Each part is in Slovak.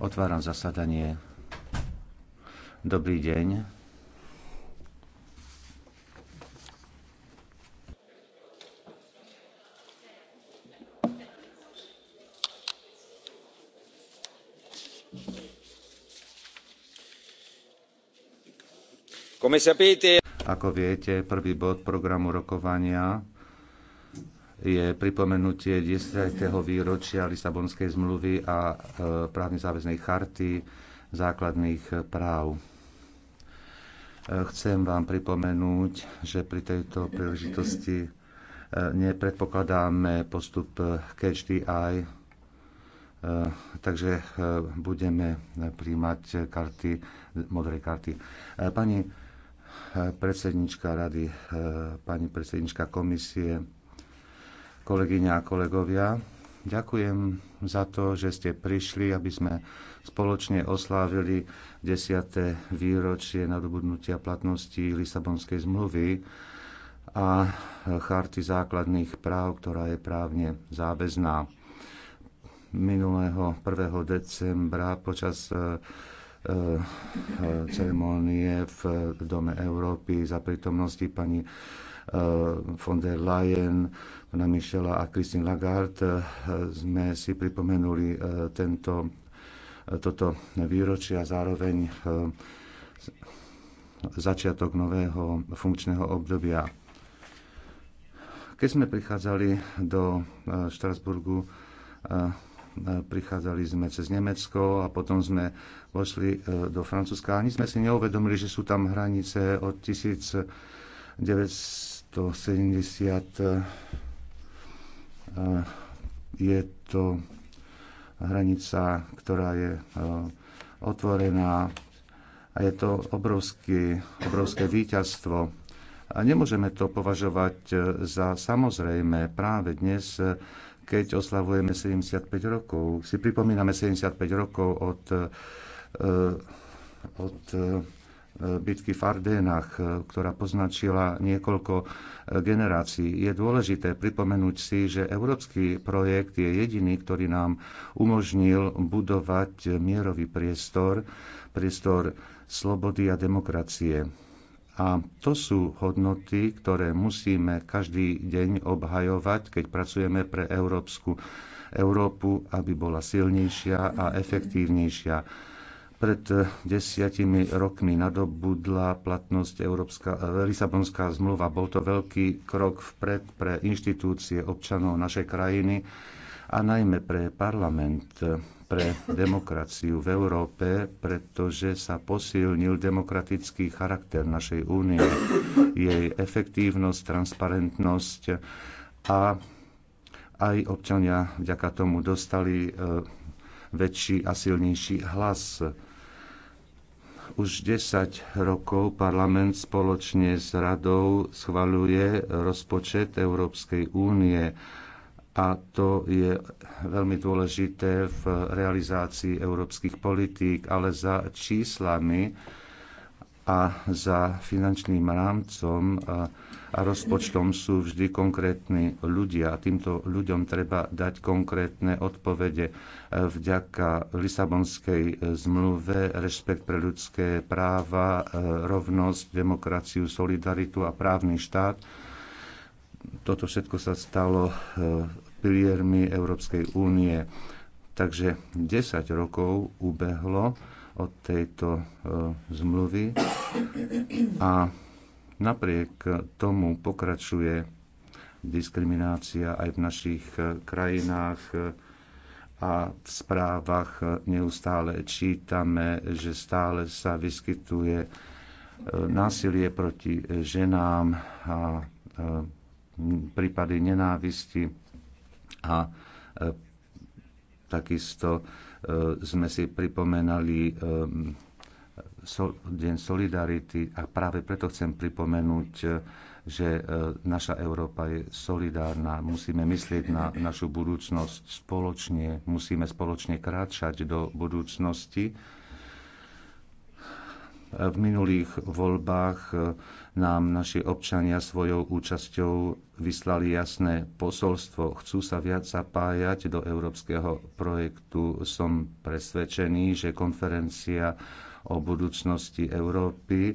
Otváram zasadanie. Dobrý deň. Ako viete, prvý bod programu rokovania je pripomenutie 10. výročia Lisabonskej zmluvy a e, právne záväznej charty základných práv. E, chcem vám pripomenúť, že pri tejto príležitosti e, nepredpokladáme postup catch takže budeme príjmať karty, modré karty. Pani predsednička rady, pani predsednička komisie, kolegyňa a kolegovia. Ďakujem za to, že ste prišli, aby sme spoločne oslávili 10. výročie nadobudnutia platnosti Lisabonskej zmluvy a charty základných práv, ktorá je právne záväzná. Minulého 1. decembra počas e, e, ceremonie v Dome Európy za prítomnosti pani e, von der Leyen pána Michela a Christine Lagarde eh, sme si pripomenuli eh, tento, eh, toto výročie a zároveň začiatok nového funkčného obdobia. Keď sme prichádzali do Štrasburgu, prichádzali sme cez Nemecko a potom sme vošli do Francúzska. Ani sme si neuvedomili, že sú tam hranice od 1970 Eh, je to hranica, ktorá je eh, otvorená a je to obrovský, obrovské víťazstvo. A nemôžeme to považovať eh, za samozrejme práve dnes, keď oslavujeme 75 rokov, si pripomíname 75 rokov od, od bitky v Ardénach, e, ktorá poznačila niekoľko e, generácií. Je dôležité pripomenúť si, že európsky projekt je jediný, ktorý nám umožnil budovať mierový priestor, priestor slobody a demokracie. A to sú hodnoty, ktoré musíme každý deň obhajovať, keď pracujeme pre Európsku Európu, aby bola silnejšia a efektívnejšia pred eh, desiatimi rokmi nadobudla platnosť Európska, eh, Lisabonská zmluva. Bol to veľký krok vpred pre inštitúcie občanov našej krajiny a najmä pre parlament, eh, pre demokraciu v Európe, pretože sa posilnil demokratický charakter našej únie, jej efektívnosť, transparentnosť a aj občania vďaka tomu dostali väčší a silnejší hlas už 10 rokov parlament spoločne s radou schvaľuje rozpočet Európskej únie a to je veľmi dôležité v realizácii európskych politík, ale za číslami a za finančným rámcom a rozpočtom sú vždy konkrétni ľudia a týmto ľuďom treba dať konkrétne odpovede. E, vďaka Lisabonskej e, zmluve rešpekt pre ľudské práva, e, rovnosť, demokraciu, solidaritu a právny štát. Toto všetko sa stalo piliermi Európskej únie. Takže 10 rokov ubehlo od tejto e, zmluvy a napriek tomu pokračuje diskriminácia aj v našich e, krajinách e, a v správach neustále čítame, že stále sa vyskytuje násilie proti ženám a prípady nenávisti a takisto E, sme si pripomenali e, Deň solidarity a práve preto chcem pripomenúť, e, že naša Európa je solidárna. Musíme myslieť na našu budúcnosť spoločne, musíme spoločne kráčať do budúcnosti v minulých voľbách nám naši občania svojou účasťou vyslali jasné posolstvo. Chcú sa viac zapájať do európskeho projektu. Som presvedčený, že konferencia o budúcnosti Európy, e,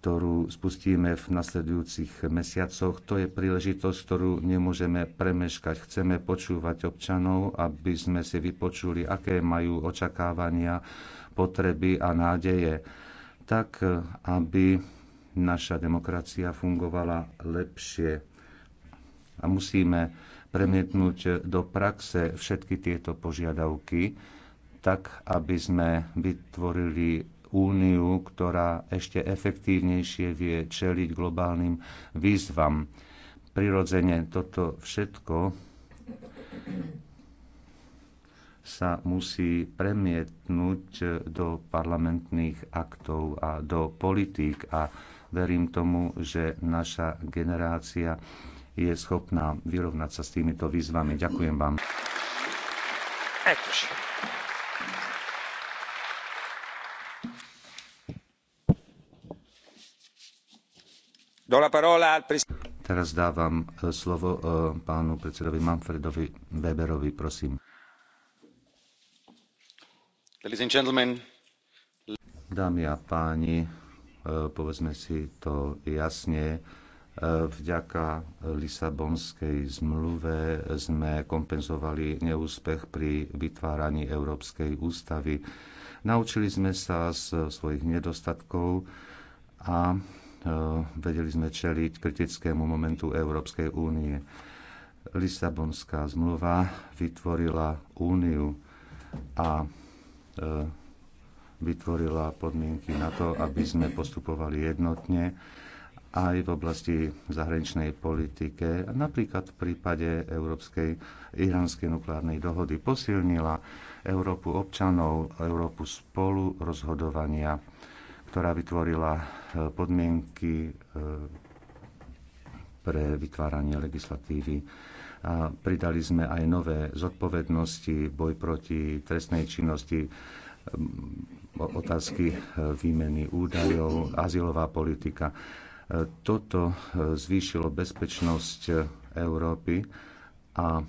ktorú spustíme v nasledujúcich mesiacoch, to je príležitosť, ktorú nemôžeme premeškať. Chceme počúvať občanov, aby sme si vypočuli, aké majú očakávania, potreby a nádeje tak, e, aby naša demokracia fungovala lepšie. A musíme premietnúť do praxe všetky tieto požiadavky, tak aby sme vytvorili úniu, ktorá ešte efektívnejšie vie čeliť globálnym výzvam. Prirodzene toto všetko sa musí premietnúť do parlamentných aktov a do politík a verím tomu, že naša generácia je schopná vyrovnať sa s týmito výzvami. Ďakujem vám. Teraz dávam e, slovo e, pánu predsedovi Manfredovi Weberovi, prosím. Dámy a páni, E, povedzme si to jasne, e, vďaka Lisabonskej zmluve sme kompenzovali neúspech pri vytváraní Európskej ústavy. Naučili sme sa z svojich nedostatkov a e, vedeli sme čeliť kritickému momentu Európskej únie. Lisabonská zmluva vytvorila úniu a vytvorila podmienky na to, aby sme postupovali jednotne aj v oblasti zahraničnej politike, napríklad v prípade európskej iránskej nukleárnej dohody posilnila Európu občanov, Európu spolu rozhodovania, ktorá vytvorila e, podmienky e, pre vytváranie legislatívy. A pridali sme aj nové zodpovednosti, boj proti trestnej činnosti, otázky e, výmeny údajov, azylová politika. E, toto e, zvýšilo bezpečnosť Európy a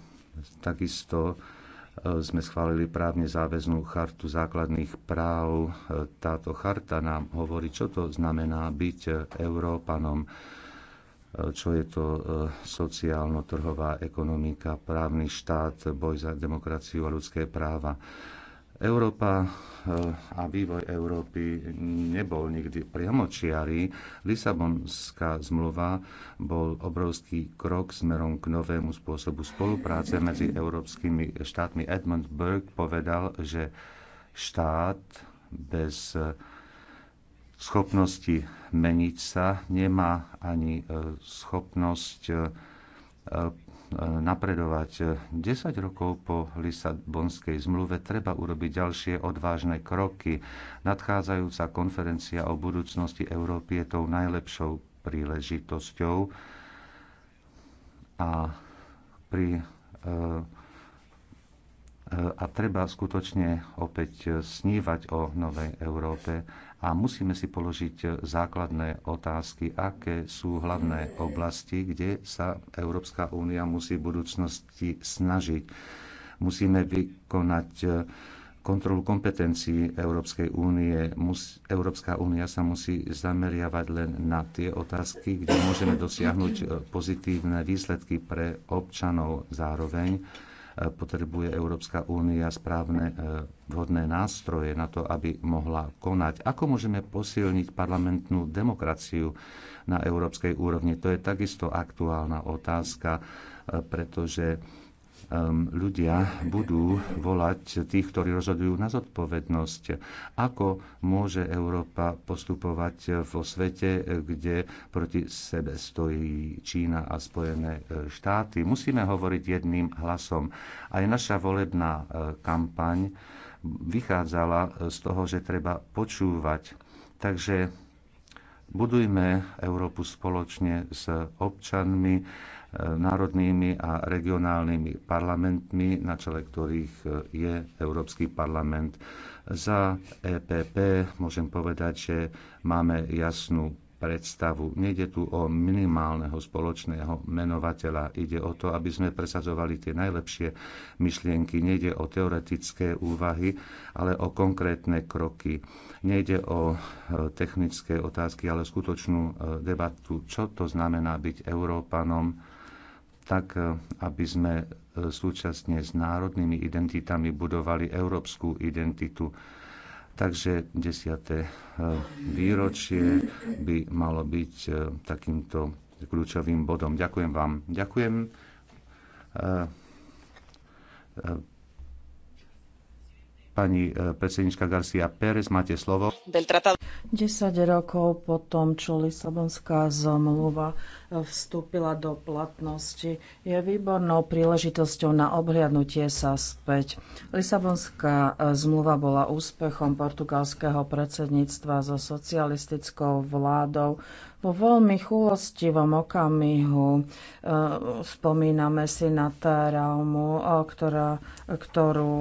takisto sme schválili právne záväznú chartu základných práv. Táto charta nám hovorí, čo to znamená byť Európanom, čo je to sociálno-trhová ekonomika, právny štát, boj za demokraciu a ľudské práva Európa eh, a vývoj Európy nebol nikdy priamočiarý. Lisabonská zmluva bol obrovský krok smerom k novému spôsobu spolupráce medzi európskymi štátmi. Edmund Burke povedal, že štát bez eh, schopnosti meniť sa nemá ani eh, schopnosť napredovať. 10 rokov po Lisabonskej zmluve treba urobiť ďalšie odvážne kroky. Nadchádzajúca konferencia o budúcnosti Európy je tou najlepšou príležitosťou a pri e, e, a treba skutočne opäť snívať o novej Európe a musíme si položiť základné otázky, aké sú hlavné oblasti, kde sa Európska únia musí v budúcnosti snažiť. Musíme vykonať eh, kontrolu kompetencií Európskej únie. Európska únia sa musí zameriavať len na tie otázky, kde môžeme dosiahnuť eh, pozitívne výsledky pre občanov zároveň potrebuje Európska únia správne e, vhodné nástroje na to, aby mohla konať. Ako môžeme posilniť parlamentnú demokraciu na európskej úrovni? To je takisto aktuálna otázka, e, pretože Ehm, ľudia budú volať tých, ktorí rozhodujú na zodpovednosť. Ako môže Európa postupovať vo svete, kde proti sebe stojí Čína a Spojené e, štáty? Musíme hovoriť jedným hlasom. Aj naša volebná e, kampaň vychádzala e, z toho, že treba počúvať. Takže budujme Európu spoločne s občanmi národnými a regionálnymi parlamentmi, na čele ktorých e, je Európsky parlament. Za EPP môžem povedať, že máme jasnú predstavu. Nejde tu o minimálneho spoločného menovateľa. Ide o to, aby sme presadzovali tie najlepšie myšlienky. Nejde o teoretické úvahy, ale o konkrétne kroky. Nejde o e, technické otázky, ale skutočnú e, debatu, čo to znamená byť Európanom, tak e, aby sme e, súčasne s národnými identitami budovali európsku identitu. Takže 10. E, výročie by malo byť takýmto kľúčovým bodom. Ďakujem vám. Ďakujem. Pani predsednička Garcia Pérez, máte slovo. 10 rokov po tom, čo Lisabonská zmluva vstúpila do platnosti, je výbornou príležitosťou na obhliadnutie sa späť. Lisabonská e, zmluva bola úspechom portugalského predsedníctva so socialistickou vládou, vo veľmi chulostivom okamihu e, spomíname si na raumu, e, ktorá, ktorú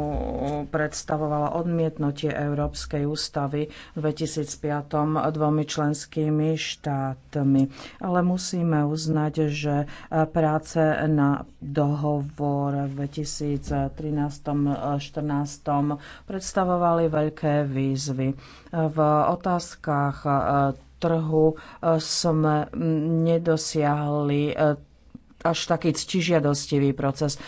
predstavovala odmietnutie Európskej ústavy v 2005 dvomi členskými štátmi. Ale musíme uznať, že e, práce na dohovor v 2013-2014 e, predstavovali veľké výzvy. E, v otázkach trhu sme nedosiahli až taký ctižiadostivý proces.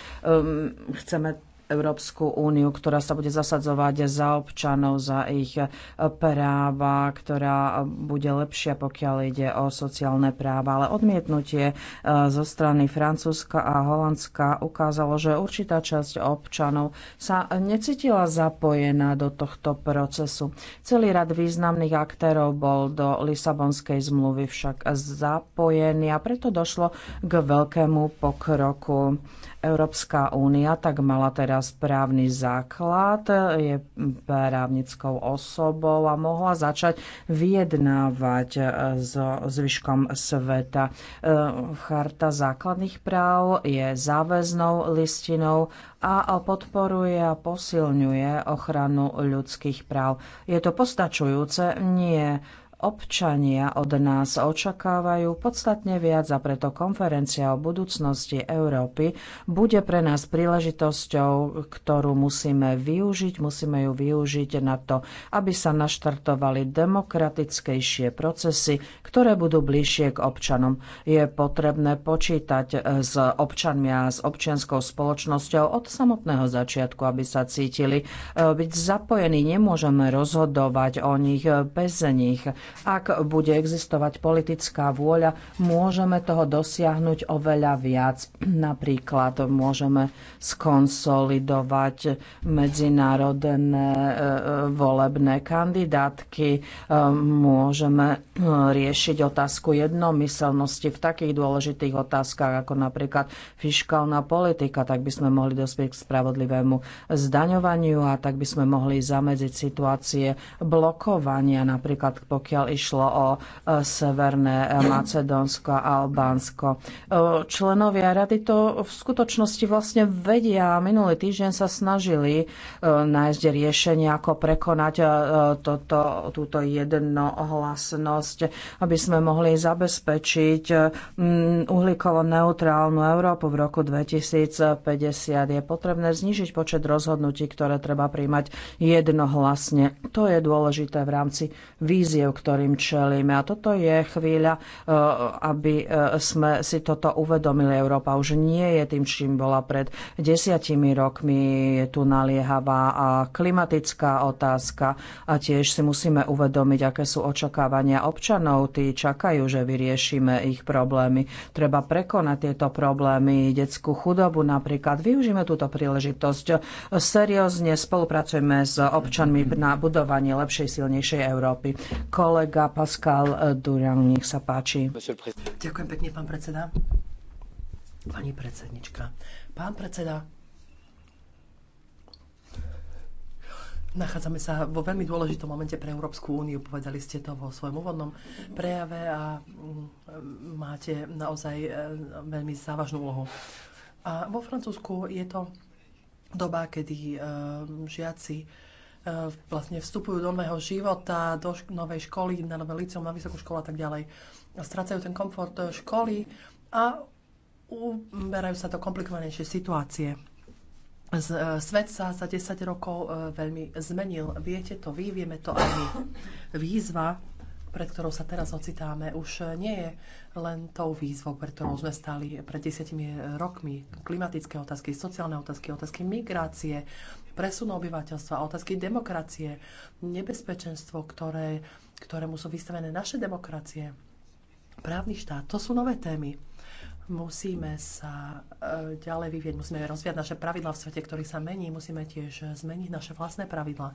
Chceme Európsku úniu, ktorá sa bude zasadzovať za občanov, za ich práva, ktorá bude lepšia, pokiaľ ide o sociálne práva. Ale odmietnutie eh, zo strany Francúzska a Holandska ukázalo, že určitá časť občanov sa necítila zapojená do tohto procesu. Celý rad významných aktérov bol do Lisabonskej zmluvy však zapojený a preto došlo k veľkému pokroku. Európska únia tak mala teraz právny základ, je právnickou osobou a mohla začať vyjednávať e, so zvyškom sveta. E, Charta základných práv je záväznou listinou a podporuje a posilňuje ochranu ľudských práv. Je to postačujúce? Nie Občania od nás očakávajú podstatne viac a preto konferencia o budúcnosti Európy bude pre nás príležitosťou, ktorú musíme využiť. Musíme ju využiť na to, aby sa naštartovali demokratickejšie procesy, ktoré budú bližšie k občanom. Je potrebné počítať s občanmi a s občianskou spoločnosťou od samotného začiatku, aby sa cítili eh, byť zapojení. Nemôžeme rozhodovať o nich bez nich. Ak bude existovať politická vôľa, môžeme toho dosiahnuť oveľa viac. Napríklad môžeme skonsolidovať medzinárodné e, e, volebné kandidátky, e, môžeme riešiť otázku jednomyselnosti v takých dôležitých otázkach ako napríklad fiskálna politika, tak by sme mohli dospieť k spravodlivému zdaňovaniu a tak by sme mohli zamedziť situácie blokovania, napríklad pokiaľ pokiaľ išlo o e, Severné e, Macedónsko a Albánsko. E, členovia rady to v skutočnosti vlastne vedia. Minulý týždeň sa snažili nájsť riešenie, ako prekonať toto, túto jednohlasnosť, aby sme mohli zabezpečiť uhlíkovo neutrálnu Európu v roku 2050. Je potrebné znižiť počet rozhodnutí, ktoré treba príjmať jednohlasne. To je dôležité v rámci víziev, ktoré ktorým čelíme. A toto je chvíľa, e, aby e, sme si toto uvedomili. Európa už nie je tým, čím bola pred desiatimi rokmi. Je tu naliehavá a klimatická otázka a tiež si musíme uvedomiť, aké sú očakávania občanov. Tí čakajú, že vyriešime ich problémy. Treba prekonať tieto problémy, detskú chudobu napríklad. Využíme túto príležitosť. Seriózne spolupracujeme s občanmi na budovanie lepšej, silnejšej Európy. Kole kolega Pascal eh, Durian. nech sa páči. Ďakujem pekne, pán predseda. Pani predsednička. Pán predseda, Nachádzame sa vo veľmi dôležitom momente pre Európsku úniu, povedali ste to vo svojom úvodnom prejave a mm, máte naozaj eh, veľmi závažnú úlohu. A vo Francúzsku je to doba, kedy eh, žiaci E, vlastne vstupujú do nového života, do novej školy, na nové liceum, na vysokú školu a tak ďalej. Strácajú ten komfort e, školy a uberajú sa do komplikovanejšie situácie. Z e, Svet sa za 10 rokov veľmi zmenil. Viete to vy, vieme to aj my. Výzva pred ktorou sa teraz ocitáme, už nie je len tou výzvou, pred ktorou sme stali pred desiatimi rokmi. Klimatické otázky, sociálne otázky, otázky migrácie, presun obyvateľstva, otázky demokracie, nebezpečenstvo, ktoré, ktorému sú vystavené naše demokracie, právny štát. To sú nové témy Musíme sa e, ďalej vyvieť, musíme rozvíjať naše pravidla v svete, ktorý sa mení, musíme tiež zmeniť naše vlastné pravidla.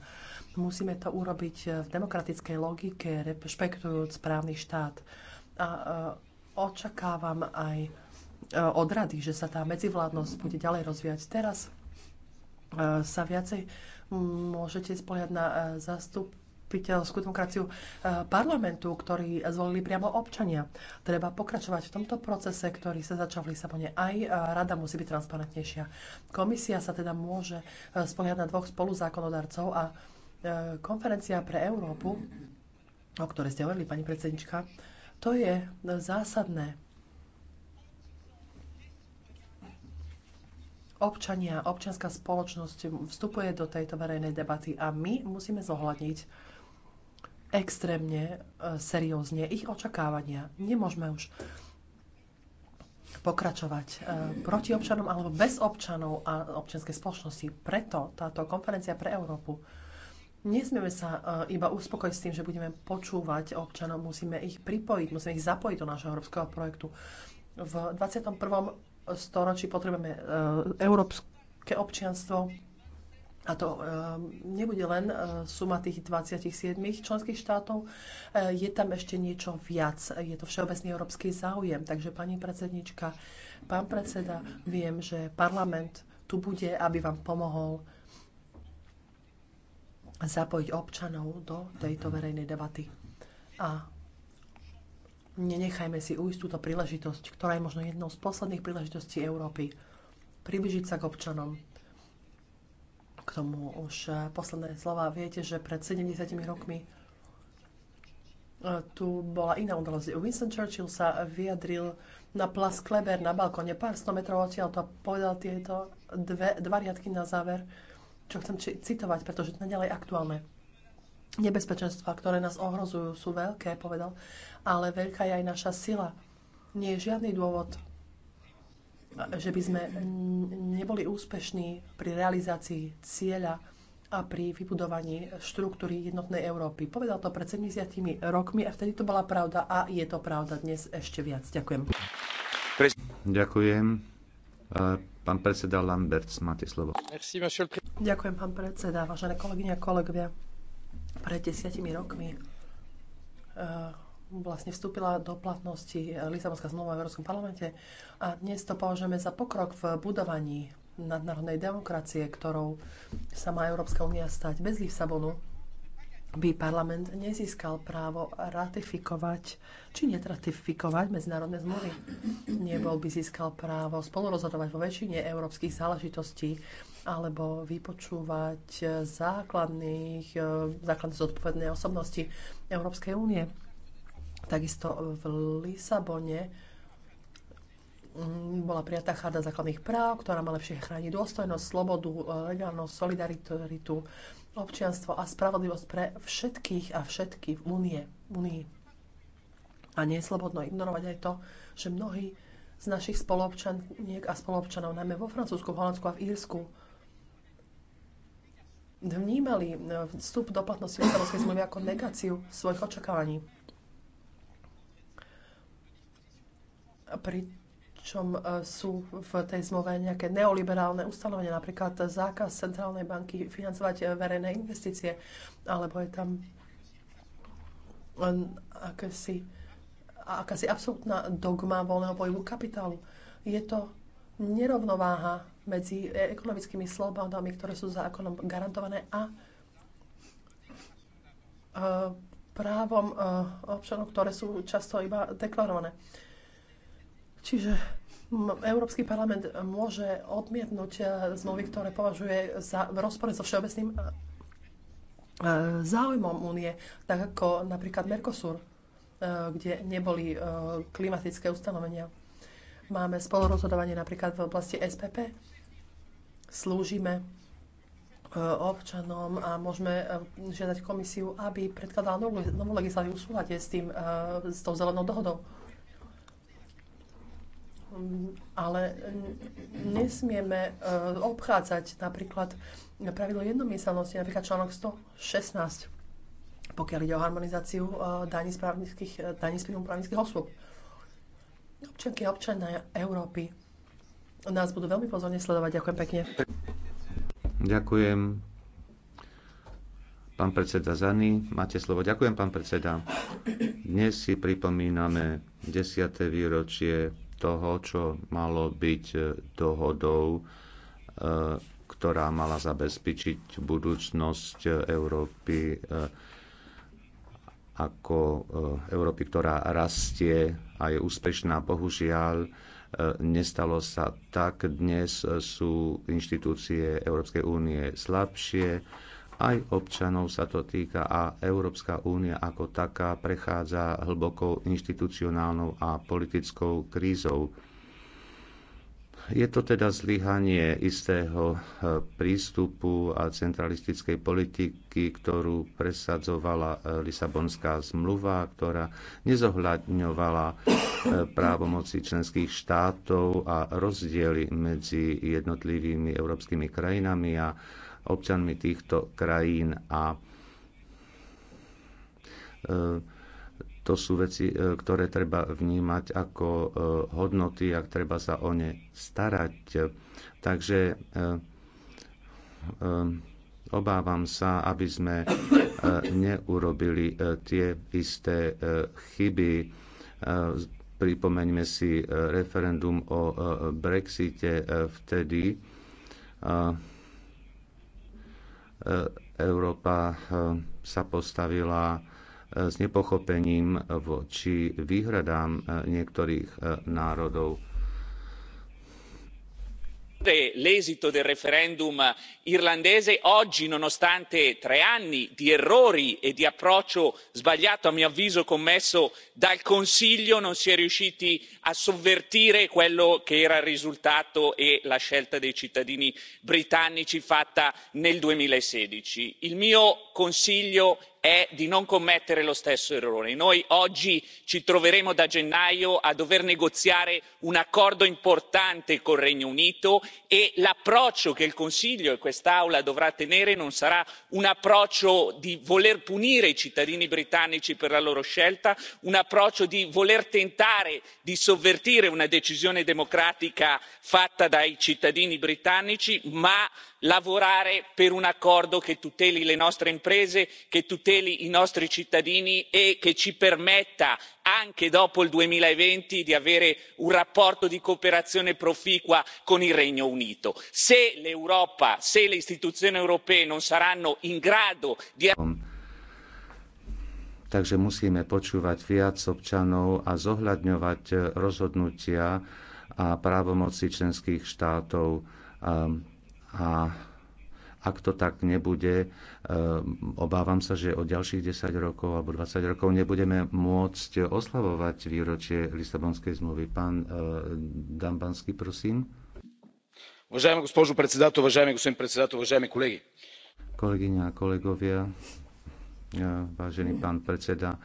Musíme to urobiť v demokratickej logike, rešpektujúc právny štát. A e, očakávam aj e, od rady, že sa tá medzivládnosť bude ďalej rozvíjať. Teraz sa viacej môžete spoliať na zastup zastupiteľskú demokraciu eh, parlamentu, ktorý zvolili priamo občania. Treba pokračovať v tomto procese, ktorý sa začal v Lisabone. Aj eh, rada musí byť transparentnejšia. Komisia sa teda môže eh, spoliehať na dvoch spoluzákonodarcov a konferencia pre Európu, o ktorej ste hovorili, pani predsednička, to je zásadné. Občania, občianská spoločnosť vstupuje do tejto verejnej debaty a my musíme zohľadniť extrémne e, seriózne ich očakávania. Nemôžeme už pokračovať e, proti občanom alebo bez občanov a občianskej spoločnosti. Preto táto konferencia pre Európu Nesmieme sa e, iba uspokojiť s tým, že budeme počúvať občanov, musíme ich pripojiť, musíme ich zapojiť do nášho európskeho projektu. V 21. storočí potrebujeme európske občianstvo, a to e, nebude len e, suma tých 27 členských štátov, e, je tam ešte niečo viac. Je to všeobecný európsky záujem. Takže pani predsednička, pán predseda, viem, že parlament tu bude, aby vám pomohol zapojiť občanov do tejto verejnej debaty. A nenechajme si ujsť túto príležitosť, ktorá je možno jednou z posledných príležitostí Európy. Približiť sa k občanom, k tomu už eh, posledné slova. Viete, že pred 70 rokmi eh, tu bola iná udalosť. Winston Churchill sa vyjadril na plas Kleber na balkone pár sto metrov odtiaľ to povedal tieto dve, dva riadky na záver, čo chcem citovať, pretože to je aktuálne. Nebezpečenstva, ktoré nás ohrozujú, sú veľké, povedal, ale veľká je aj naša sila. Nie je žiadny dôvod že by sme neboli úspešní pri realizácii cieľa a pri vybudovaní štruktúry jednotnej Európy. Povedal to pred 70 rokmi a vtedy to bola pravda a je to pravda dnes ešte viac. Ďakujem. Ďakujem. Pán predseda Lamberts, máte slovo. Ďakujem, pán predseda, vážené kolegyne a kolegovia. Pred desiatimi rokmi eh, vlastne vstúpila do platnosti Lisabonská zmluva v Európskom parlamente a dnes to považujeme za pokrok v budovaní nadnárodnej demokracie, ktorou sa má Európska únia stať. Bez Lisabonu by parlament nezískal právo ratifikovať či netratifikovať medzinárodné zmluvy. Nebol by získal právo spolurozhodovať vo väčšine európskych záležitostí alebo vypočúvať základných, eh, základné zodpovedné osobnosti Európskej únie Takisto v Lisabone mm, bola prijatá charta základných práv, ktorá má lepšie chrániť dôstojnosť, slobodu, e, legálnosť, solidaritu, občianstvo a spravodlivosť pre všetkých a všetky v Unie, Unii. A nie je slobodno ignorovať aj to, že mnohí z našich spoloobčaniek a spoloobčanov, najmä vo Francúzsku, v Holandsku a v Írsku, vnímali e, vstup do platnosti Lisabonskej zmluvy ako negáciu svojich očakávaní. pričom e, sú v tej zmluve nejaké neoliberálne ustanovenia, napríklad zákaz centrálnej banky financovať e, verejné investície, alebo je tam akési, akási absolútna dogma voľného pohybu kapitálu. Je to nerovnováha medzi e, ekonomickými slobodami, ktoré sú zákonom garantované a právom občanov, ktoré sú často iba deklarované. Čiže Európsky parlament môže odmietnúť e, zmluvy, ktoré považuje za v rozpore so všeobecným e, e, záujmom únie, tak ako napríklad Mercosur, kde neboli klimatické ustanovenia. Máme spolorozhodovanie napríklad v oblasti SPP. Slúžime občanom a môžeme žiadať komisiu, aby predkladala novú, novú legislatívu v súlade s, tým, s tou zelenou dohodou ale nesmieme e, obchádzať napríklad pravidlo jednomyselnosti, napríklad článok 116, pokiaľ ide o harmonizáciu e, daní z, e, daní z príjmu právnických osôb. Občianky a občania Európy nás budú veľmi pozorne sledovať. Ďakujem pekne. Ďakujem. Pán predseda Zany, máte slovo. Ďakujem, pán predseda. Dnes si pripomíname 10. výročie toho, čo malo byť e, dohodou, e, ktorá mala zabezpečiť budúcnosť Európy e, ako Európy, ktorá rastie a je úspešná. Bohužiaľ, nestalo sa tak. Dnes sú inštitúcie Európskej únie slabšie aj občanov sa to týka a Európska únia ako taká prechádza hlbokou inštitucionálnou a politickou krízou. Je to teda zlyhanie istého e, prístupu a centralistickej politiky, ktorú presadzovala e, Lisabonská zmluva, ktorá nezohľadňovala e, právomoci členských štátov a rozdiely medzi jednotlivými európskymi krajinami a občanmi týchto krajín a e, to sú veci, e, ktoré treba vnímať ako e, hodnoty a treba sa o ne starať. Takže obávam sa, aby sme neurobili tie isté chyby. Pripomeňme si referendum o Brexite vtedy E, Európa e, sa postavila e, s nepochopením voči výhradám niektorých národov l'esito del referendum irlandese oggi nonostante tre anni di errori e di approccio sbagliato a mio avviso commesso dal consiglio non si è riusciti a sovvertire quello che era il risultato e la scelta dei cittadini britannici fatta nel. duemilasedici il mio consiglio è di non commettere lo stesso errore noi oggi ci troveremo da gennaio a dover negoziare un accordo importante con il regno unito e l'approccio che il consiglio e quest'aula dovrà tenere non sarà un approccio di voler punire i cittadini britannici per la loro scelta un approccio di voler tentare di sovvertire una decisione democratica fatta dai cittadini britannici ma lavorare per un accordo che tuteli le nostre imprese che tuteli i nostri cittadini e che ci permetta anche dopo il duemilaventi di avere un rapporto di cooperazione proficua con il regno unito. se l'europa se le istituzioni europee non saranno in grado di. takže musíme počúvať viac občanov a zohľadňovať rozhodnutia a právomoci členských štátov. A ak to tak nebude, e, obávam sa, že o ďalších 10 rokov alebo 20 rokov nebudeme môcť oslavovať výročie Lisabonskej zmluvy. Pán e, Dambanský, prosím. Уважаема госпожо председател, уважаеми господин председател, уважаеми kolegy. Kolegyňa a kolegovia, vážený pán predseda,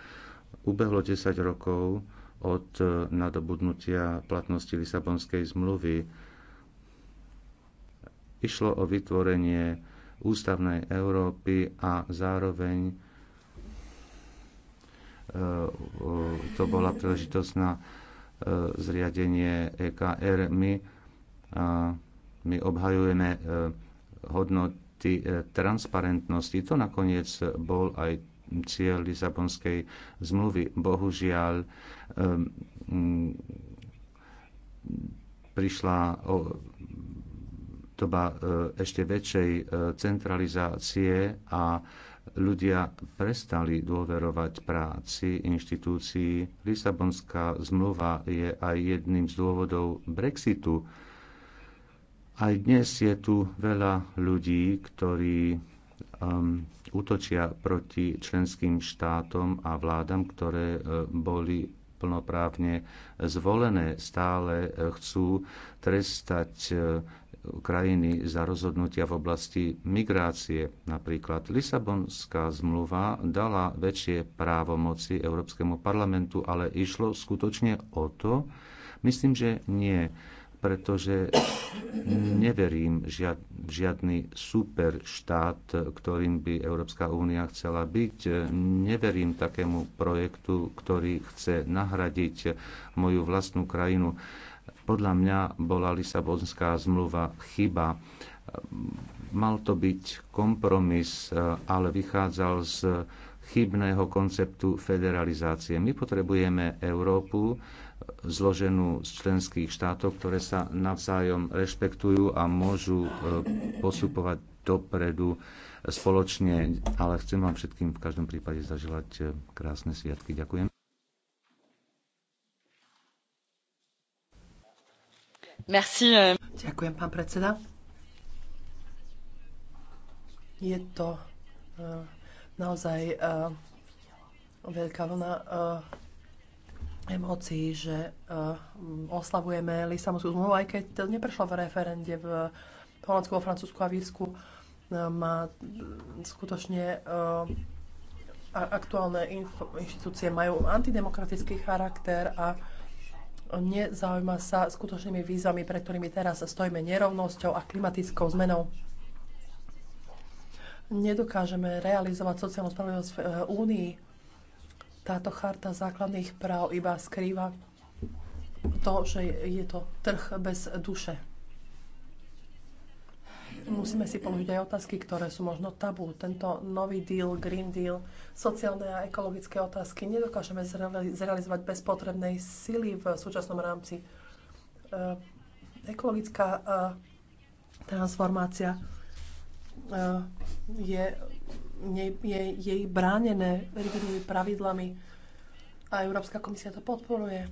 ubehlo 10 rokov od e, nadobudnutia platnosti Lisabonskej zmluvy Išlo o vytvorenie ústavnej Európy a zároveň e, to bola príležitosť na e, zriadenie EKR. My, my obhajujeme e, hodnoty transparentnosti. To nakoniec bol aj cieľ Lisabonskej zmluvy. Bohužiaľ, prišla o doba e, ešte väčšej e, centralizácie a ľudia prestali dôverovať práci inštitúcií. Lisabonská zmluva je aj jedným z dôvodov Brexitu. Aj dnes je tu veľa ľudí, ktorí um, útočia proti členským štátom a vládam, ktoré uh, boli plnoprávne zvolené. Stále chcú trestať uh, krajiny za rozhodnutia v oblasti migrácie. Napríklad Lisabonská zmluva dala väčšie právomoci Európskemu parlamentu, ale išlo skutočne o to? Myslím, že nie, pretože neverím žiad, žiadny super štát, ktorým by Európska únia chcela byť. Neverím takému projektu, ktorý chce nahradiť moju vlastnú krajinu podľa mňa bola Lisabonská zmluva chyba. Mal to byť kompromis, e, ale vychádzal z chybného konceptu federalizácie. My potrebujeme Európu e, zloženú z členských štátov, ktoré sa navzájom rešpektujú a môžu e, postupovať dopredu spoločne. Ale chcem vám všetkým v každom prípade zaželať krásne sviatky. Ďakujem. Merci. Euh. Ďakujem, pán predseda. Je to uh, naozaj uh, veľká vlna uh, emócií, že uh, oslavujeme Lisabonskú zmluvu, aj keď to neprešlo v referende v Holandsku, Francúzsku a Vírsku. Uh, má skutočne uh, aktuálne inštitúcie majú antidemokratický charakter a nezaujíma sa skutočnými výzvami, pre ktorými teraz stojíme nerovnosťou a klimatickou zmenou nedokážeme realizovať sociálnu spravodlivosť v eh, Únii, táto charta základných práv iba skrýva to, že je to trh bez duše. Musíme si položiť aj otázky, ktoré sú možno tabú. Tento nový deal, Green Deal, sociálne a ekologické otázky nedokážeme zrealizovať bez potrebnej sily v súčasnom rámci. E, ekologická e, transformácia e, je, je, je bránené rigidnými pravidlami a Európska komisia to podporuje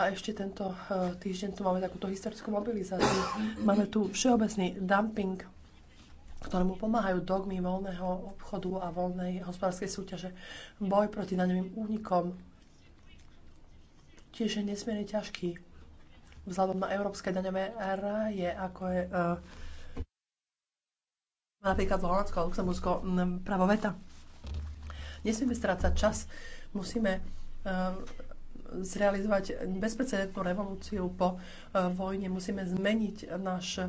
a ešte tento eh, týždeň tu máme takúto historickú mobilizáciu. Máme tu všeobecný dumping, ktorému pomáhajú dogmy voľného obchodu a voľnej hospodárskej súťaže. Boj proti daňovým únikom tiež je nesmierne ťažký vzhľadom na európske daňové ráje, ako je uh, napríklad Holandsko a Luxembursko právo veta. Nesmieme strácať čas, musíme uh, zrealizovať bezprecedentnú revolúciu po e, vojne. Musíme zmeniť náš e,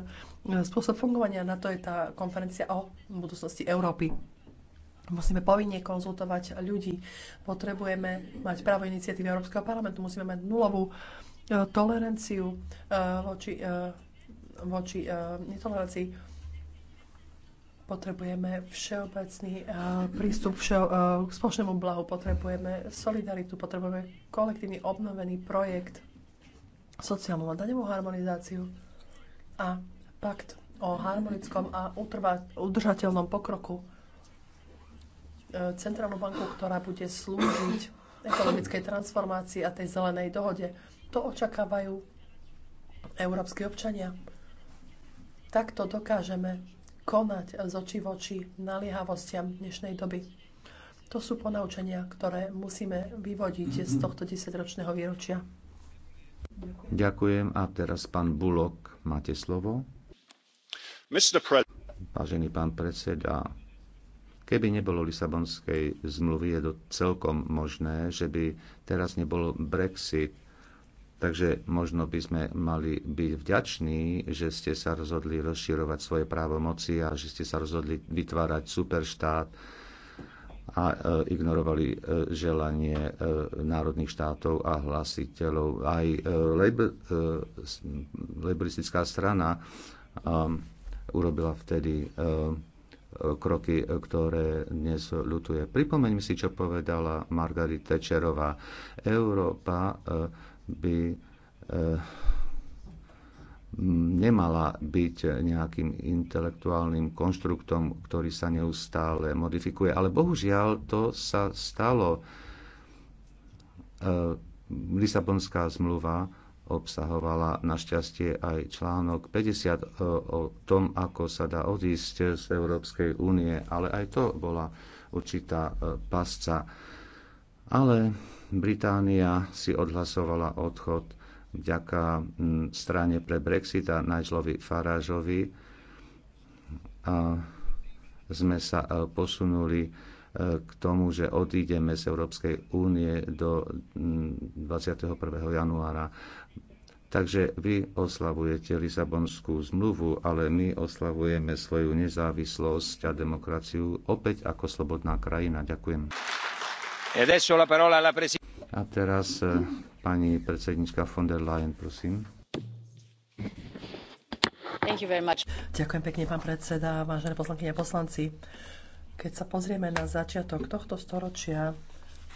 spôsob fungovania. Na to je tá konferencia o budúcnosti Európy. Musíme povinne konzultovať ľudí. Potrebujeme mať právo iniciatívy Európskeho parlamentu. Musíme mať nulovú e, toleranciu voči, voči netolerancii potrebujeme všeobecný eh, prístup všeo, eh, k spoločnému blahu, potrebujeme solidaritu, potrebujeme kolektívny obnovený projekt, sociálnu a daňovú harmonizáciu a pakt o harmonickom a udržateľnom pokroku. Eh, centrálnu banku, ktorá bude slúžiť ekonomickej transformácii a tej zelenej dohode. To očakávajú európsky občania. Takto dokážeme konať z očí v oči naliehavostiam dnešnej doby. To sú ponaučenia, ktoré musíme vyvodiť z tohto desaťročného výročia. Ďakujem. A teraz pán Bulok, máte slovo. Vážený pán predseda, keby nebolo Lisabonskej zmluvy, je to celkom možné, že by teraz nebol Brexit Takže možno by sme mali byť vďační, že ste sa rozhodli rozširovať svoje právomoci a že ste sa rozhodli vytvárať superštát a e, ignorovali e, želanie e, národných štátov a hlasiteľov. Aj laboristická strana urobila vtedy kroky, ktoré dnes ľutuje. Pripomeňme si, čo povedala Margarita Čerová. Európa by eh, nemala byť nejakým intelektuálnym konštruktom, ktorý sa neustále modifikuje. Ale bohužiaľ to sa stalo. Eh, Lisabonská zmluva obsahovala našťastie aj článok 50 eh, o tom, ako sa dá odísť z Európskej únie, ale aj to bola určitá pasca. Ale Británia si odhlasovala odchod vďaka strane pre Brexita Nigelovi Farageovi. a sme sa e, posunuli e, k tomu, že odídeme z Európskej únie do 21. januára. Takže vy oslavujete Lisabonskú zmluvu, ale my oslavujeme svoju nezávislosť a demokraciu opäť ako slobodná krajina. Ďakujem. E a teraz eh, pani predsednička von der Leyen, prosím. Ďakujem pekne, pán predseda, vážené poslanky a poslanci. Keď sa pozrieme na začiatok tohto storočia,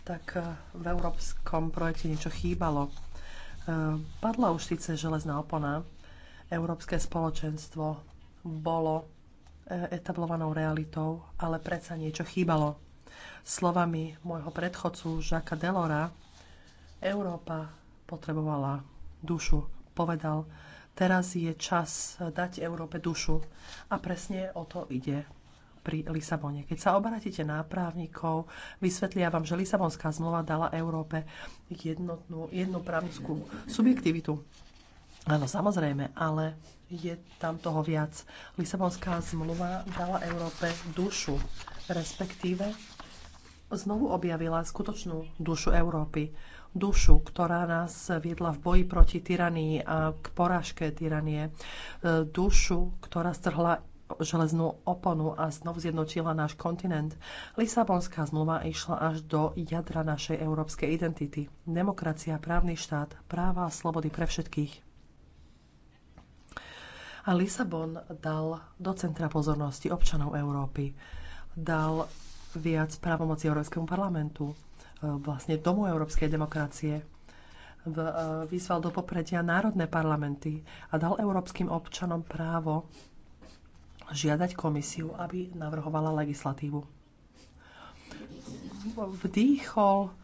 tak eh, v európskom projekte niečo chýbalo. Eh, padla už síce železná opona, európske spoločenstvo bolo etablovanou realitou, ale predsa niečo chýbalo. Slovami môjho predchodcu Žaka Delora, Európa potrebovala dušu. Povedal, teraz je čas dať Európe dušu. A presne o to ide pri Lisabone. Keď sa obratíte na právnikov, vysvetlia vám, že Lisabonská zmluva dala Európe jednotnú, jednu právnickú subjektivitu. Áno, samozrejme, ale je tam toho viac. Lisabonská zmluva dala Európe dušu, respektíve znovu objavila skutočnú dušu Európy. Dušu, ktorá nás viedla v boji proti tyranii a k porážke tyranie. E, dušu, ktorá strhla železnú oponu a znovu zjednotila náš kontinent. Lisabonská zmluva išla až do jadra našej európskej identity. Demokracia, právny štát, práva a slobody pre všetkých. A Lisabon dal do centra pozornosti občanov Európy. Dal viac právomoci Európskemu parlamentu, e, vlastne domu európskej demokracie. E, vyzval do popredia národné parlamenty a dal európskym občanom právo žiadať komisiu, aby navrhovala legislatívu. Vdýchol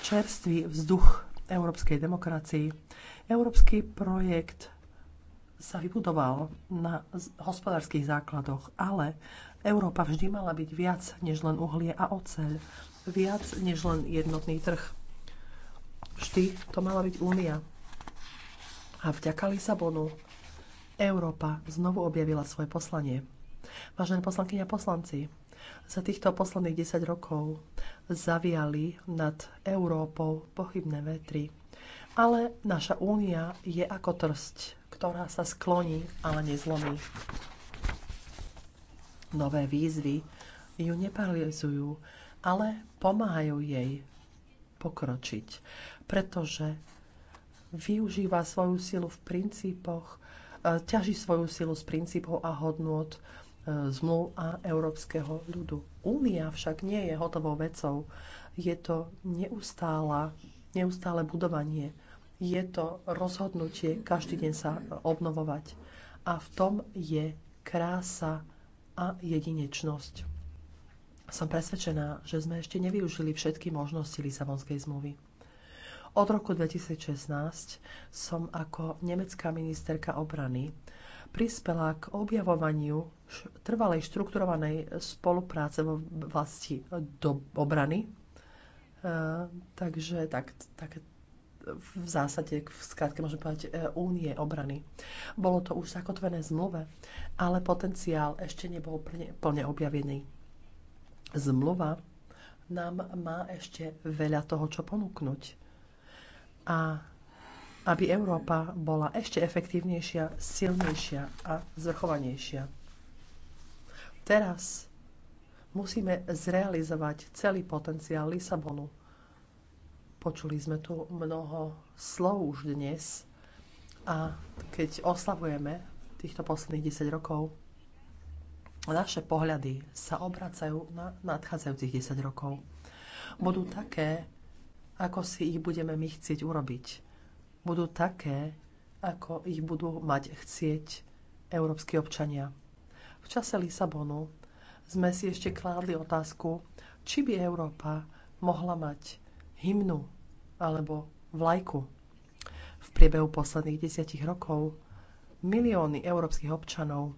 čerstvý vzduch európskej demokracii. Európsky projekt sa vybudoval na hospodárskych základoch, ale Európa vždy mala byť viac než len uhlie a oceľ, viac než len jednotný trh. Vždy to mala byť únia. A vďaka Lisabonu Európa znovu objavila svoje poslanie. Vážené poslankyňa a poslanci, za týchto posledných 10 rokov zaviali nad Európou pochybné vetry. Ale naša únia je ako trsť ktorá sa skloní, ale nezlomí. Nové výzvy ju neparalizujú, ale pomáhajú jej pokročiť, pretože využíva svoju silu v princípoch, e, ťaží svoju silu z princípov a hodnôt e, zmluv a európskeho ľudu. Únia však nie je hotovou vecou. Je to neustála, neustále budovanie je to rozhodnutie každý deň sa obnovovať. A v tom je krása a jedinečnosť. Som presvedčená, že sme ešte nevyužili všetky možnosti Lisabonskej zmluvy. Od roku 2016 som ako nemecká ministerka obrany prispela k objavovaniu trvalej štrukturovanej spolupráce vo vlasti do obrany. E, takže tak, tak, v zásade, v skratke môžem povedať, e, únie obrany. Bolo to už zakotvené zmluve, ale potenciál ešte nebol plne, plne objavený. Zmluva nám má ešte veľa toho, čo ponúknuť. A aby Európa bola ešte efektívnejšia, silnejšia a zrchovanejšia. Teraz musíme zrealizovať celý potenciál Lisabonu Počuli sme tu mnoho slov už dnes a keď oslavujeme týchto posledných 10 rokov, naše pohľady sa obracajú na nadchádzajúcich 10 rokov. Budú také, ako si ich budeme my chcieť urobiť. Budú také, ako ich budú mať chcieť európsky občania. V čase Lisabonu sme si ešte kládli otázku, či by Európa mohla mať hymnu alebo vlajku. V priebehu posledných desiatich rokov milióny európskych občanov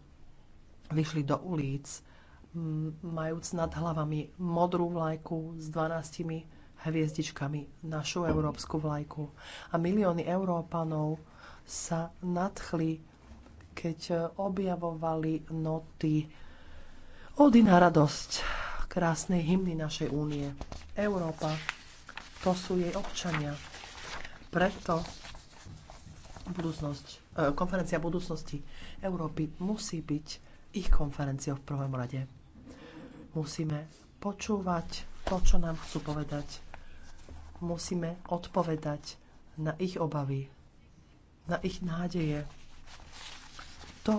vyšli do ulic, majúc nad hlavami modrú vlajku s 12 hviezdičkami, našu európsku vlajku. A milióny Európanov sa nadchli, keď e, objavovali noty Odina radosť krásnej hymny našej únie. Európa to sú jej občania. Preto budúcnosť, e, konferencia budúcnosti Európy musí byť ich konferenciou v prvom rade. Musíme počúvať to, čo nám chcú povedať. Musíme odpovedať na ich obavy, na ich nádeje. To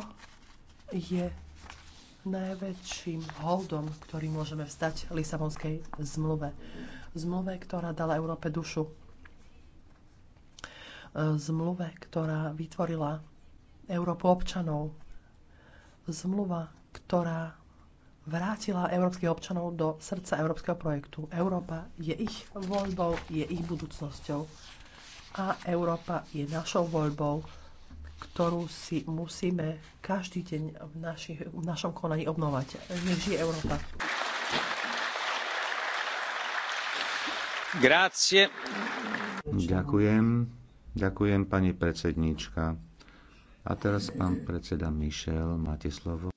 je najväčším holdom, ktorý môžeme vstať Lisabonskej zmluve zmluve, ktorá dala Európe dušu. Zmluve, ktorá vytvorila Európu občanov. Zmluva, ktorá vrátila európskych občanov do srdca európskeho projektu. Európa je ich voľbou, je ich budúcnosťou. A Európa je našou voľbou, ktorú si musíme každý deň v, našich, v našom konaní obnovať. Nech žije Európa. Ďakujem. pani predsedníčka. A teraz pán predseda Michel, máte slovo.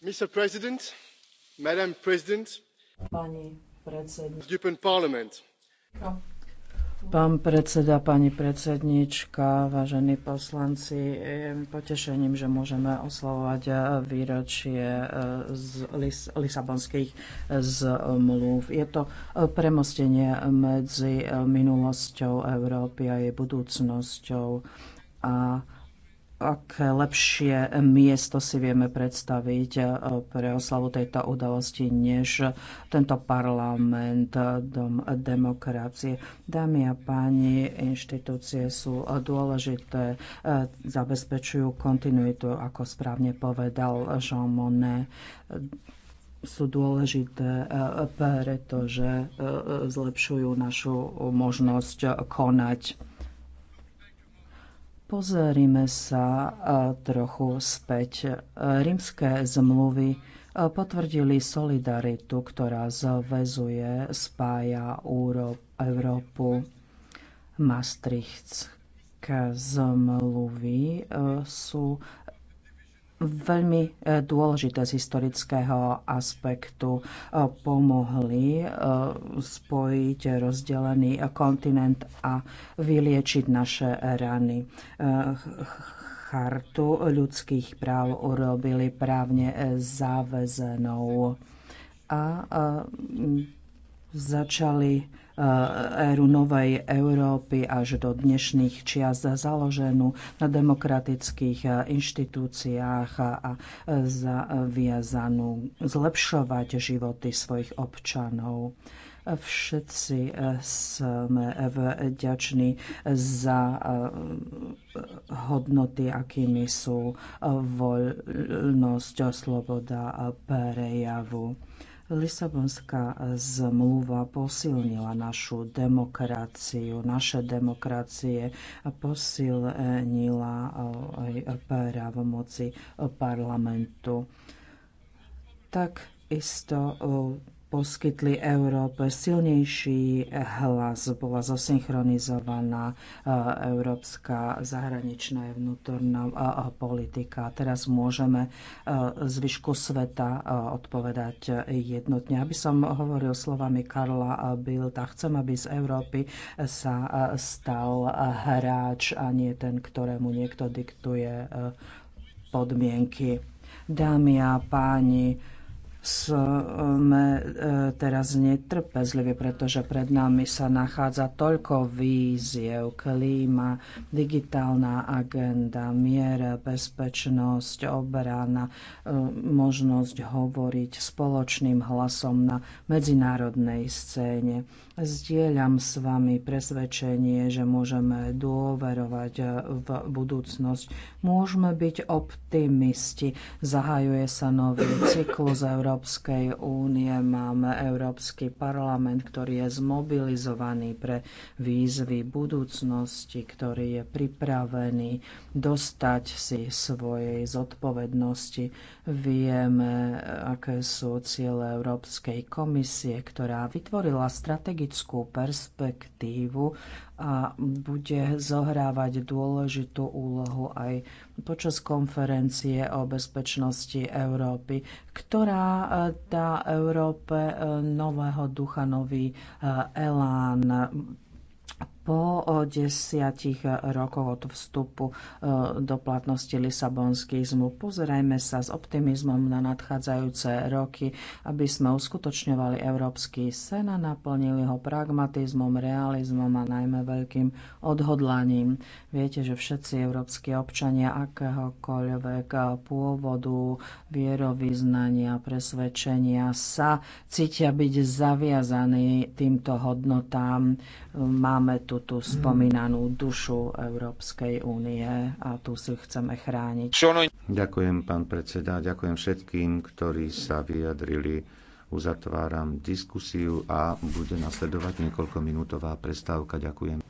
Mr. President, Madam President, pani predsedníčka. Parliament. No. Pán predseda, pani predsednička, vážení poslanci, je potešením, že môžeme oslavovať e, výročie e, z Lis- Lisabonských e, zmluv. Je to premostenie medzi minulosťou Európy a jej budúcnosťou a aké lepšie miesto si vieme predstaviť eh, pre oslavu tejto udalosti, než tento parlament, dom demokracie. Dámy a páni, inštitúcie sú dôležité, eh, zabezpečujú kontinuitu, ako správne povedal Jean Monnet sú dôležité, eh, pretože zlepšujú našu možnosť konať. Pozrime sa e, trochu späť. E, rímske zmluvy e, potvrdili solidaritu, ktorá zväzuje, spája Európu. Maastrichtské zmluvy sú veľmi e, dôležité z historického aspektu. E, pomohli e, spojiť rozdelený kontinent a vyliečiť naše rany chartu ľudských práv urobili právne záväzenou a začali eh, éru novej Európy až do dnešných čias založenú na demokratických eh, inštitúciách a zaviazanú zlepšovať životy svojich občanov. Všetci eh, sme vďační za hodnoty, akými sú voľnosť, sloboda prejavu Lisabonská zmluva posilnila našu demokraciu, naše demokracie a posilnila eh, aj právomoci parlamentu. Tak isto eh, poskytli Európe silnejší hlas, bola zosynchronizovaná e, európska zahraničná a vnútorná e, politika. Teraz môžeme e, zvyšku sveta odpovedať jednotne. Aby som hovoril slovami Karla Bilda, chcem, aby z Európy sa stal hráč a nie ten, ktorému niekto diktuje podmienky. Dámy a páni, sme e, teraz netrpezliví, pretože pred nami sa nachádza toľko víziev, klíma, digitálna agenda, mier, bezpečnosť, obrana, e, možnosť hovoriť spoločným hlasom na medzinárodnej scéne. Zdieľam s vami presvedčenie, že môžeme dôverovať v budúcnosť. Môžeme byť optimisti. Zahajuje sa nový cyklus Európy Európskej únie. Máme Európsky parlament, ktorý je zmobilizovaný pre výzvy budúcnosti, ktorý je pripravený dostať si svojej zodpovednosti. Vieme, aké sú ciele Európskej komisie, ktorá vytvorila strategickú perspektívu a bude zohrávať dôležitú úlohu aj počas konferencie o bezpečnosti Európy, ktorá eh, dá Európe eh, nového ducha, nový eh, elán po desiatich rokoch od vstupu e, do platnosti Lisabonských zmluv. Pozerajme sa s optimizmom na nadchádzajúce roky, aby sme uskutočňovali európsky sen a naplnili ho pragmatizmom, realizmom a najmä veľkým odhodlaním. Viete, že všetci európsky občania akéhokoľvek pôvodu, vierovýznania, presvedčenia sa cítia byť zaviazaní týmto hodnotám. Máme tu tú, spomínanú dušu Európskej únie a tu si chceme chrániť. Ďakujem, pán predseda, ďakujem všetkým, ktorí sa vyjadrili. Uzatváram diskusiu a bude nasledovať niekoľkominútová prestávka. Ďakujem.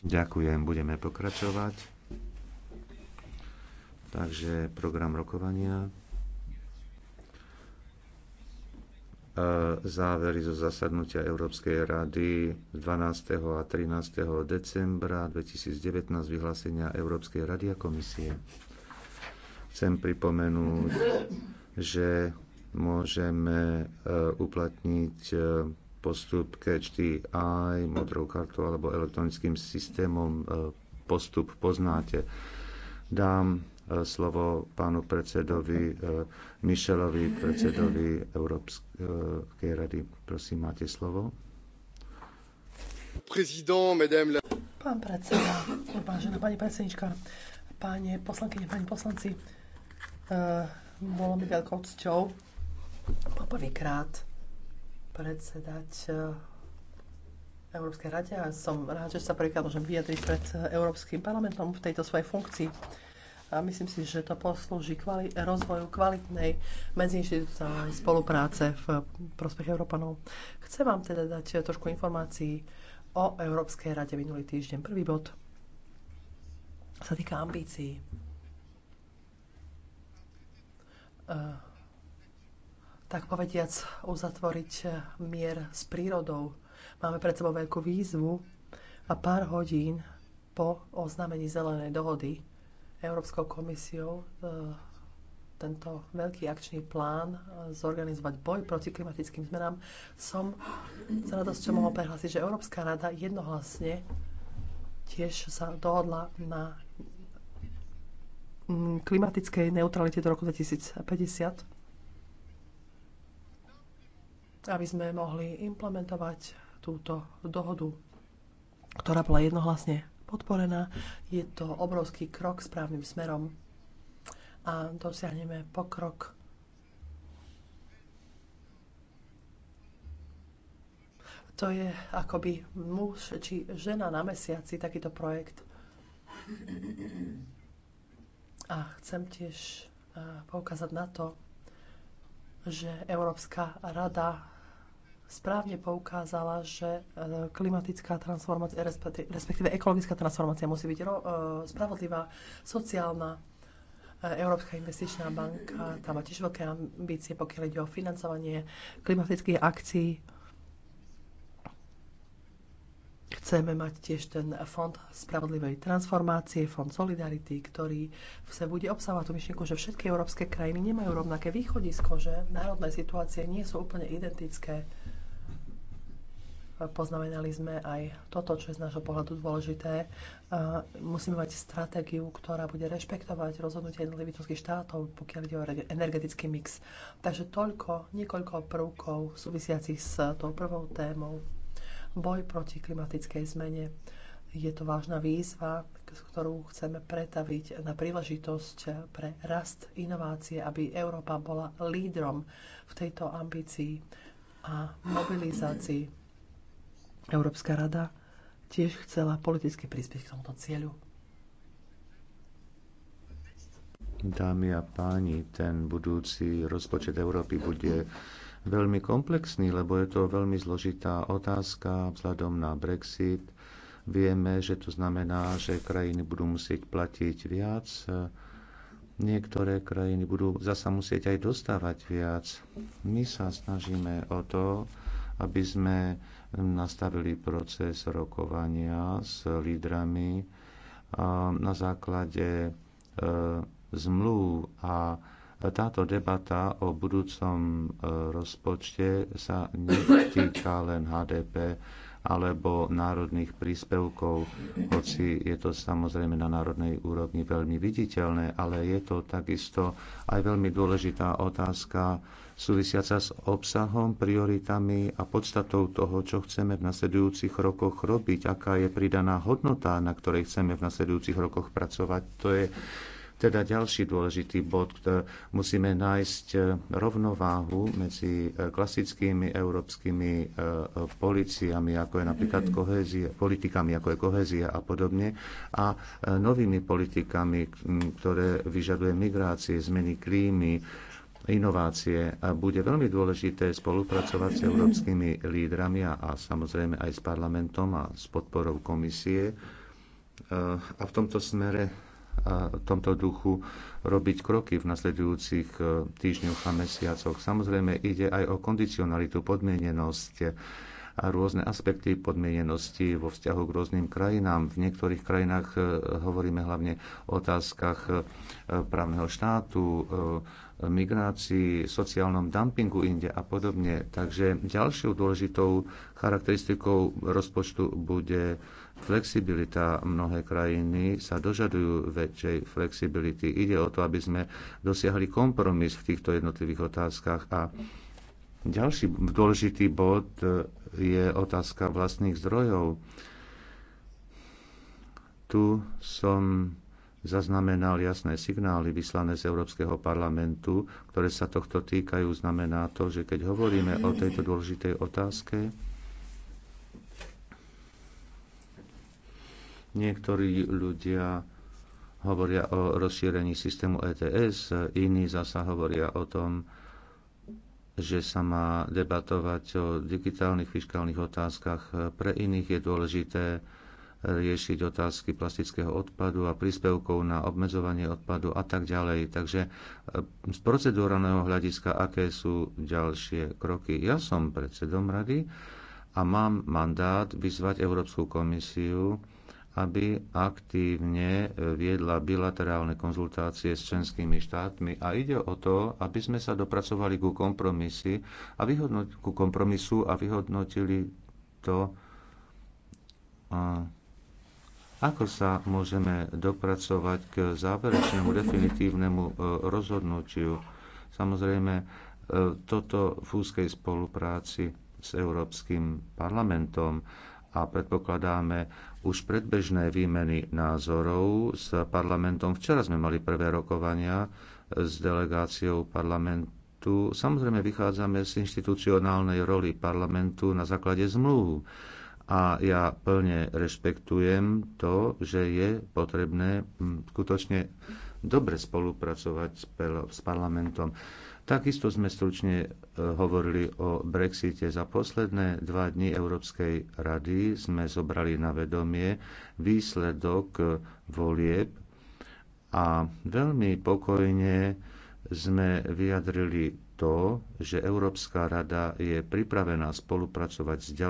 Ďakujem, budeme pokračovať. Takže program rokovania. Závery zo zasadnutia Európskej rady 12. a 13. decembra 2019 vyhlásenia Európskej rady a komisie. Chcem pripomenúť, že môžeme e, uplatniť e, postup Eye, modrou kartou alebo elektronickým systémom e, postup poznáte. Dám e, slovo pánu predsedovi e, Michelovi predsedovi Európskej rady. Prosím, máte slovo. Pán predseda, vážená pani predsednička, páne poslankyne, páni poslanci, bolo mi veľkou cťou poprvýkrát predsedať eh, Európskej rade a som rád, že sa prvýkrát môžem vyjadriť pred eh, Európskym parlamentom v tejto svojej funkcii. A myslím si, že to poslúži kvali- rozvoju kvalitnej medziinstitucionálnej spolupráce v prospech Európanov. Chcem vám teda dať eh, trošku informácií o Európskej rade minulý týždeň. Prvý bod sa týka ambícií. Uh tak povediac, uzatvoriť e, mier s prírodou. Máme pred sebou veľkú výzvu a pár hodín po oznámení zelenej dohody Európskou komisiou e, tento veľký akčný plán e, zorganizovať boj proti klimatickým zmenám, som s radosťou mohol prehlásiť, že Európska rada jednohlasne tiež sa dohodla na klimatickej neutralite do roku 2050 aby sme mohli implementovať túto dohodu, ktorá bola jednohlasne podporená. Je to obrovský krok správnym smerom a dosiahneme pokrok to je akoby muž či žena na mesiaci, takýto projekt. A chcem tiež poukázať na to, že Európska rada správne poukázala, že e, klimatická transformácia, respektíve ekologická transformácia musí byť e, spravodlivá, sociálna. E, Európska investičná banka, tam má tiež veľké ambície, pokiaľ ide o financovanie klimatických akcií Chceme mať tiež ten fond spravodlivej transformácie, fond solidarity, ktorý sa bude obsávať tú myšlienku, že všetky európske krajiny nemajú rovnaké východisko, že národné situácie nie sú úplne identické. Poznamenali sme aj toto, čo je z nášho pohľadu dôležité. Musíme mať stratégiu, ktorá bude rešpektovať rozhodnutie jednotlivých štátov, pokiaľ ide o energetický mix. Takže toľko, niekoľko prvkov súvisiacich s tou prvou témou boj proti klimatickej zmene. Je to vážna výzva, ktorú chceme pretaviť na príležitosť pre rast inovácie, aby Európa bola lídrom v tejto ambícii a mobilizácii. Európska rada tiež chcela politicky prispieť k tomuto cieľu. Dámy a páni, ten budúci rozpočet Európy bude veľmi komplexný, lebo je to veľmi zložitá otázka vzhľadom na Brexit. Vieme, že to znamená, že krajiny budú musieť platiť viac. Niektoré krajiny budú zasa musieť aj dostávať viac. My sa snažíme o to, aby sme nastavili proces rokovania s lídrami na základe e, zmluv a táto debata o budúcom e, rozpočte sa netýka len HDP alebo národných príspevkov, hoci je to samozrejme na národnej úrovni veľmi viditeľné, ale je to takisto aj veľmi dôležitá otázka súvisiaca s obsahom, prioritami a podstatou toho, čo chceme v nasledujúcich rokoch robiť, aká je pridaná hodnota, na ktorej chceme v nasledujúcich rokoch pracovať. To je teda ďalší dôležitý bod, musíme nájsť e, rovnováhu medzi e, klasickými európskymi e, policiami, ako je napríklad mm-hmm. kohézia, politikami, ako je kohézia a podobne, a novými politikami, ktoré vyžaduje migrácie, zmeny klímy, inovácie. A bude veľmi dôležité spolupracovať s mm-hmm. európskymi lídrami a, a samozrejme aj s parlamentom a s podporou komisie. A v tomto smere v tomto duchu robiť kroky v nasledujúcich e, týždňoch a mesiacoch. Samozrejme ide aj o kondicionalitu, podmienenosť a rôzne aspekty podmienenosti vo vzťahu k rôznym krajinám. V niektorých krajinách e, hovoríme hlavne o otázkach e, právneho štátu, migrácii, sociálnom dumpingu inde a podobne. Takže ďalšou dôležitou charakteristikou rozpočtu bude flexibilita. Mnohé krajiny sa dožadujú väčšej flexibility. Ide o to, aby sme dosiahli kompromis v týchto jednotlivých otázkach a ďalší dôležitý bod e, je otázka vlastných zdrojov. Tu som zaznamenal jasné signály vyslané z Európskeho parlamentu, ktoré sa tohto týkajú. Znamená to, že keď hovoríme o tejto dôležitej otázke, Niektorí ľudia hovoria o rozšírení systému ETS, iní zasa hovoria o tom, že sa má debatovať o digitálnych fiskálnych otázkach. Pre iných je dôležité riešiť otázky plastického odpadu a príspevkov na obmedzovanie odpadu a tak ďalej. Takže e, z procedúraného hľadiska, aké sú ďalšie kroky? Ja som predsedom rady a mám mandát vyzvať Európsku komisiu, aby aktívne e, viedla bilaterálne konzultácie s členskými štátmi a ide o to, aby sme sa dopracovali ku, kompromisy a vyhodnot- ku kompromisu a vyhodnotili to, ako sa môžeme dopracovať k záverečnému definitívnemu e, rozhodnutiu. Samozrejme, e, toto v úzkej spolupráci s Európskym parlamentom a predpokladáme už predbežné výmeny názorov s parlamentom. Včera sme mali prvé rokovania s delegáciou parlamentu. Samozrejme vychádzame z inštitucionálnej roli parlamentu na základe zmluv. A ja plne rešpektujem to, že je potrebné hm, skutočne dobre spolupracovať s parlamentom. Takisto sme stručne hovorili o Brexite. Za posledné dva dni Európskej rady sme zobrali na vedomie výsledok volieb a veľmi pokojne sme vyjadrili to, že Európska rada je pripravená spolupracovať s ďalšími